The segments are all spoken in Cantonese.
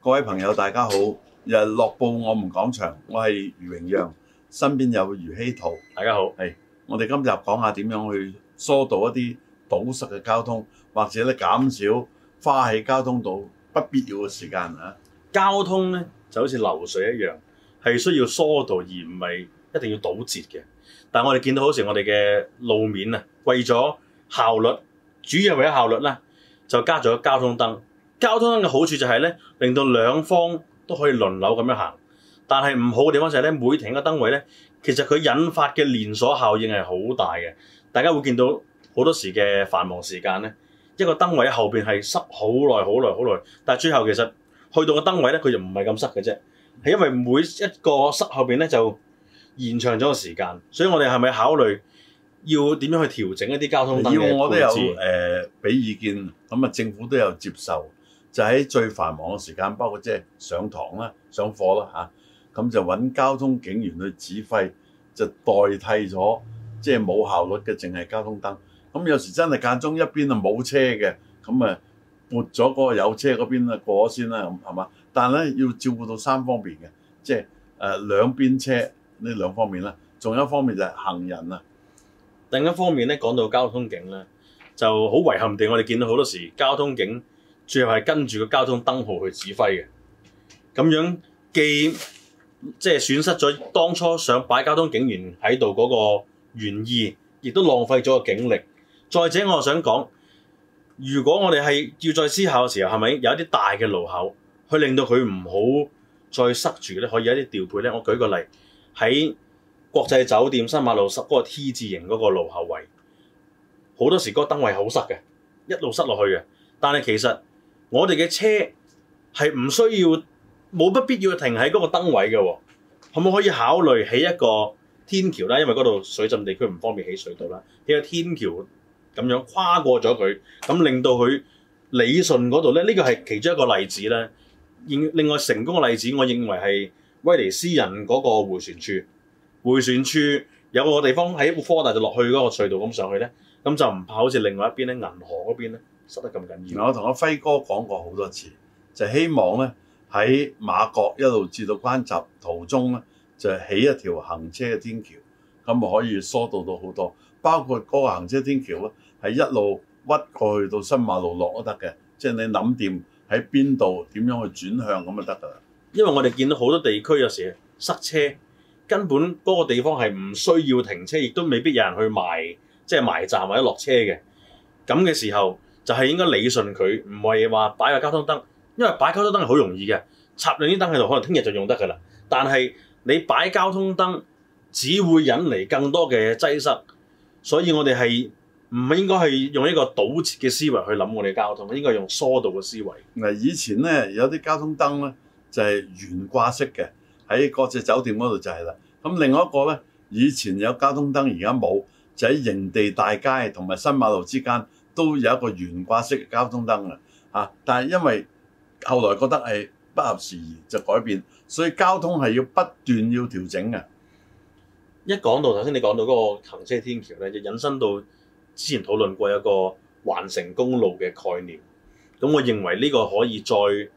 各位朋友，大家好！樂報我們講場，我係余榮陽，身邊有余希圖。大家好，係我哋今日講下點樣去疏導一啲堵塞嘅交通，或者咧減少花喺交通度不必要嘅時間啊。交通咧就好似流水一樣，係需要疏導而唔係一定要堵截嘅。但係我哋見到好似我哋嘅路面啊，為咗效率，主要為咗效率呢，就加咗交通燈。交通燈嘅好處就係咧，令到兩方都可以輪流咁樣行。但係唔好嘅地方就係咧，每停個燈位咧，其實佢引發嘅連鎖效應係好大嘅。大家會見到好多時嘅繁忙時間咧，一個燈位後面係塞好耐好耐好耐，但係最後其實去到個燈位咧，佢就唔係咁塞嘅啫，係因為每一個塞後面咧就延長咗個時間。所以我哋係咪考慮？要點樣去調整一啲交通燈嘅配置？我都有誒俾、呃、意見咁啊、嗯，政府都有接受。就喺最繁忙嘅時間，包括即係上堂啦、上課啦嚇，咁、啊嗯、就揾交通警員去指揮，就代替咗即係冇效率嘅，淨係交通燈。咁、嗯、有時真係間中一邊啊冇車嘅，咁啊撥咗嗰個有車嗰邊啦過咗先啦，咁係嘛？但係咧要照顧到三方面嘅，即係誒兩邊車呢兩方面啦，仲有一方面就係行人啊。另一方面咧，講到交通警咧，就好遺憾地，我哋見到好多時交通警最後係跟住個交通燈號去指揮嘅，咁樣既即係損失咗當初想擺交通警員喺度嗰個原意，亦都浪費咗個警力。再者，我想講，如果我哋係要再思考嘅時候，係咪有一啲大嘅路口，去令到佢唔好再塞住咧，可以有一啲調配咧？我舉個例喺。國際酒店新馬路十嗰個 T 字形嗰個路口位，好多時嗰個燈位好塞嘅，一路塞落去嘅。但係其實我哋嘅車係唔需要冇不必要停喺嗰個燈位嘅、哦，可唔可以考慮起一個天橋咧？因為嗰度水浸地區唔方便起隧道啦，起個天橋咁樣跨過咗佢，咁令到佢理順嗰度咧。呢個係其中一個例子咧。另另外成功嘅例子，我認為係威尼斯人嗰個迴旋處。會選處有個地方喺科大就落去嗰個隧道咁上去呢，咁就唔怕。好似另外一邊咧，銀河嗰邊咧，塞得咁緊要，嗯。我同阿輝哥講過好多次，就希望呢喺媽閣一路至到關閘途中呢，就起一條行車嘅天橋，咁啊可以疏導到好多。包括嗰個行車天橋呢，係一路屈過去到新馬路落都得嘅。即係你諗掂喺邊度點樣去轉向咁就得㗎啦。因為我哋見到好多地區有時塞車。根本嗰個地方係唔需要停車，亦都未必有人去埋，即係埋站或者落車嘅。咁嘅時候就係應該理順佢，唔係話擺個交通燈，因為擺交通燈係好容易嘅，插兩啲燈喺度，可能聽日就用得噶啦。但係你擺交通燈，只會引嚟更多嘅擠塞，所以我哋係唔應該係用一個堵塞嘅思維去諗我哋交通，應該用疏導嘅思維。嗱，以前咧有啲交通燈咧就係懸掛式嘅。喺國際酒店嗰度就係啦。咁另外一個呢，以前有交通燈，而家冇，就喺營地大街同埋新馬路之間都有一個懸掛式交通燈嘅嚇。但係因為後來覺得係不合時宜，就改變，所以交通係要不斷要調整嘅。一講到頭先你講到嗰個行車天橋呢，就引申到之前討論過有個環城公路嘅概念。咁我認為呢個可以再。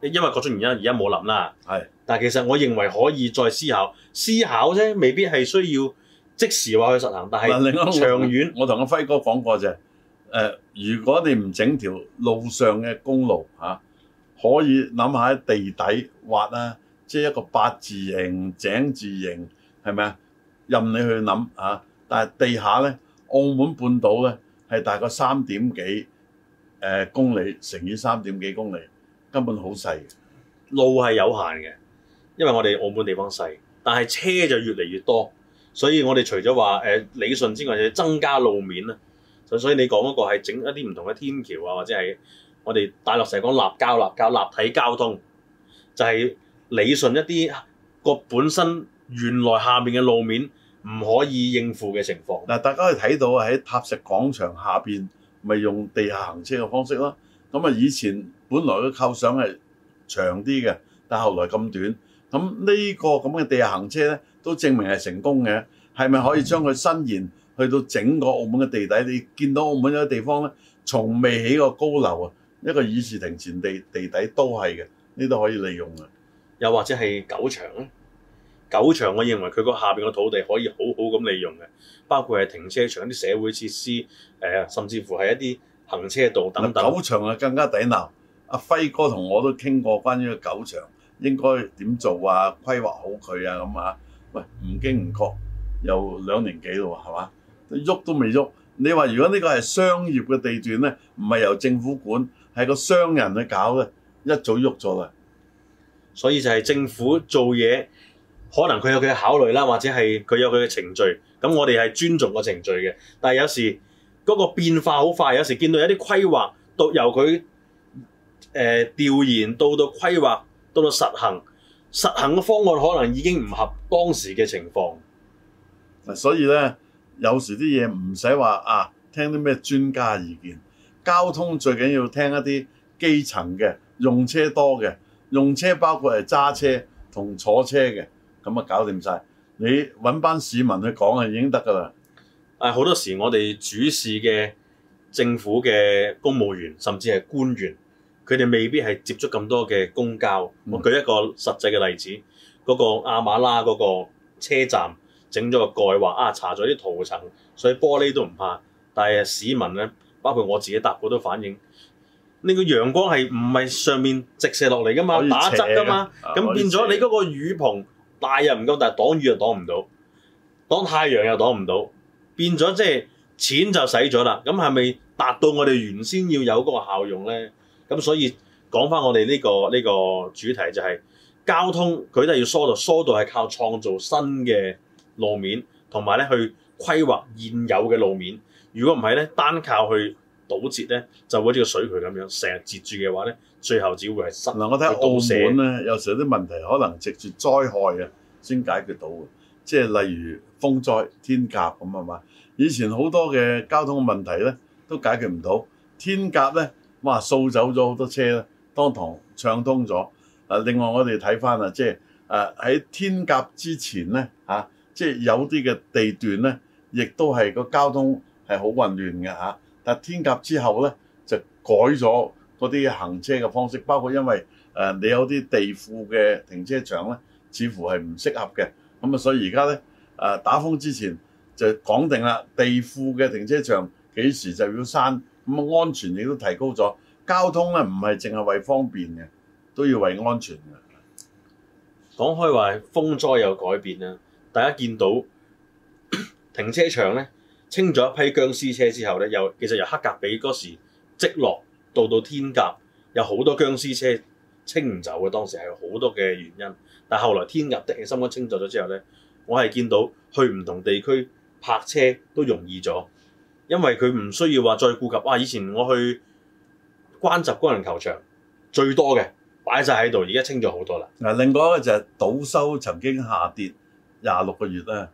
因為各種原因而家冇諗啦，係，但係其實我認為可以再思考，思考啫，未必係需要即時話去實行。但係另外一個長遠，我同阿輝哥講過就係、是，誒、呃，如果你唔整條路上嘅公路嚇、啊，可以諗下喺地底挖啦，即係、就是、一個八字形、井字形，係咪啊？任你去諗嚇、啊，但係地下咧，澳門半島咧係大概三點幾誒、呃、公里乘以三點幾公里。根本好細，路係有限嘅，因為我哋澳門地方細，但係車就越嚟越多，所以我哋除咗話、呃、理順之外，要增加路面啦。咁所以你講嗰個係整一啲唔同嘅天橋啊，或者係我哋大陸成日講立交、立交、立體交通，就係、是、理順一啲個本身原來下面嘅路面唔可以應付嘅情況。嗱，大家可以睇到喺塔石廣場下邊咪用地下行車嘅方式啦。咁啊，以前。本來個構想係長啲嘅，但後來咁短。咁呢個咁嘅地下行車呢，都證明係成功嘅。係咪可以將佢伸延去到整個澳門嘅地底？你見到澳門有啲地方呢，從未起過高樓啊，一個議事亭前地地底都係嘅，呢都可以利用嘅。又或者係九場咧，九場，我認為佢個下面個土地可以好好咁利用嘅，包括係停車場、啲社會設施，誒，甚至乎係一啲行車道等等。九場啊，更加抵鬧。阿輝哥同我都傾過關於個狗場應該點做啊，規劃好佢啊咁啊。喂，唔經唔覺，有兩年幾嘞喎，係嘛？喐都未喐。你話如果呢個係商業嘅地段咧，唔係由政府管，係個商人去搞咧，一早喐咗啦。所以就係政府做嘢，可能佢有佢嘅考慮啦，或者係佢有佢嘅程序。咁我哋係尊重個程序嘅，但係有時嗰個變化好快，有時見到有啲規劃到由佢。誒、呃，調研到到規劃，到到實行，實行嘅方案可能已經唔合當時嘅情況。所以咧，有時啲嘢唔使話啊，聽啲咩專家意見，交通最緊要聽一啲基層嘅用車多嘅用車，包括係揸車同坐車嘅，咁咪搞掂晒。你搵班市民去講啊，已經得㗎喇。啊，好多時我哋主事嘅政府嘅公務員，甚至係官員。佢哋未必係接觸咁多嘅公交。我、嗯、舉一個實際嘅例子，嗰、嗰個亞馬拉嗰個車站整咗個蓋，話啊搽咗啲塗層，所以玻璃都唔怕。但係市民咧，包括我自己搭過都反映，呢、呢個陽光係唔係上面直射落嚟㗎嘛，打側㗎嘛。咁變咗你嗰個雨棚大又唔夠，但係擋雨又擋唔到，擋太陽又擋唔到，變咗即係錢就使咗啦。咁係咪達到我哋原先要有嗰個效用咧？咁所以講翻我哋呢、呢個呢、呢個主題就係、是、交通，佢都係要疏導，疏導係靠創造新嘅路面，同埋咧去規劃現有嘅路面。如果唔係咧，單靠去堵截咧，就好似個水渠咁樣，成日截住嘅話咧，最後只會係塞。嗱，我睇澳門咧，有時有啲問題可能藉住災害啊先解決到，即係例如風災、天鴿咁啊嘛。以前好多嘅交通問題咧都解決唔到，天鴿咧。哇！掃走咗好多車咧，當堂暢通咗。啊，另外我哋睇返啊，即係誒喺天鴿之前咧嚇，即、啊、係、就是、有啲嘅地段咧，亦都係個交通係好混亂嘅嚇、啊。但係天鴿之後咧，就改咗嗰啲行車嘅方式，包括因為誒、啊、你有啲地庫嘅停車場咧，似乎係唔適合嘅。咁啊，所以而家咧誒打風之前就講定啦，地庫嘅停車場幾時就要閂。咁啊，安全亦都提高咗。交通咧，唔係淨係為方便嘅，都要為安全嘅。講開話，風災有改變啦。大家見到停車場咧，清咗一批僵屍車之後咧，又其實由黑格比嗰時積落到到天甲，有好多僵屍車清唔走嘅。當時係好多嘅原因，但係後來天甲的嘅心肝清走咗之後咧，我係見到去唔同地區泊車都容易咗。因為佢唔需要話再顧及啊！以前我去關閘工人球場最多嘅擺晒喺度，而家清咗好多啦。嗱，另外一個就係賭收曾經下跌廿六個月啦。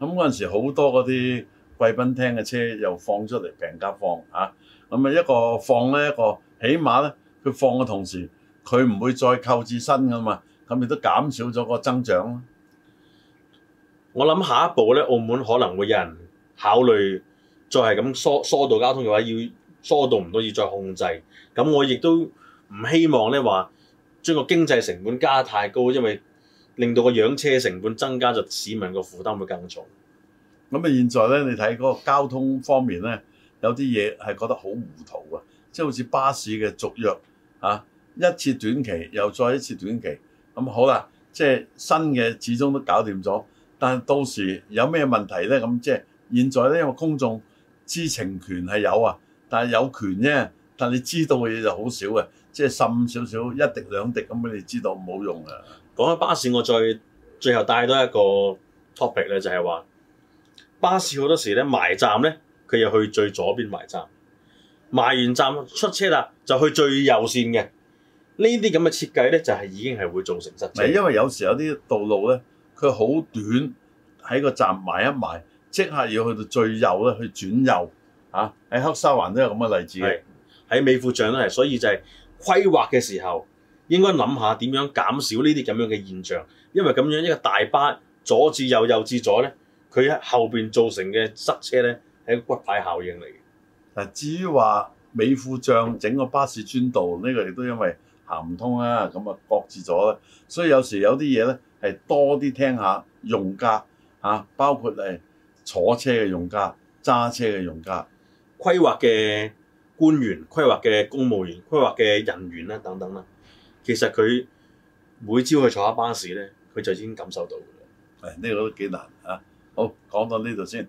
咁嗰陣時好多嗰啲貴賓廳嘅車又放出嚟平價放啊。咁啊，一個放呢一個，起碼咧佢放嘅同時，佢唔會再購置新噶嘛。咁亦都減少咗個增長。我諗下一步咧，澳門可能會有人考慮。再係咁疏疏導交通嘅話，要疏導唔到要再控制。咁我亦都唔希望咧，話將個經濟成本加太高，因為令到個養車成本增加，就市民個負擔會更重。咁啊，現在咧你睇嗰個交通方面咧，有啲嘢係覺得好糊塗啊！即係好似巴士嘅續約啊，一次短期又再一次短期。咁好啦，即係新嘅始終都搞掂咗，但係到時有咩問題咧？咁即係現在咧，因為公眾。知情權係有啊，但係有權啫，但係你知道嘅嘢就好少嘅，即係滲少少一滴兩滴咁，你知道唔好用嘅。講開巴士，我再最，最後帶多一個 topic 咧，就係話巴士好多時咧埋站咧，佢要去最左邊埋站，埋完站出車啦，就去最右線嘅。這些這設計呢啲咁嘅設計咧，就係、是、已經係會造成失際，因為有時有啲道路咧，佢好短，喺個站埋一埋。即係要去到最右咧，去轉右嚇，喺、啊、黑沙環都有咁嘅例子，喺美副將都係，所以就係規劃嘅時候應該諗下點樣減少呢啲咁樣嘅現象，因為咁樣一個大巴左至右右至左咧，佢喺後邊造成嘅塞車咧係一個骨牌效應嚟。嗱，至於話美副將整個巴士專道呢、嗯，這個亦都因為行唔通啦，咁啊擱置咗啦，所以有時有啲嘢咧係多啲聽下用家嚇、啊，包括誒，坐車嘅用家，揸車嘅用家，規劃嘅官員，規劃嘅公務員，規劃嘅人員啦，等等啦，其實佢每朝去坐下巴士咧，佢就已經感受到嘅。誒、哎，呢個都幾難吓。好，講到呢度先。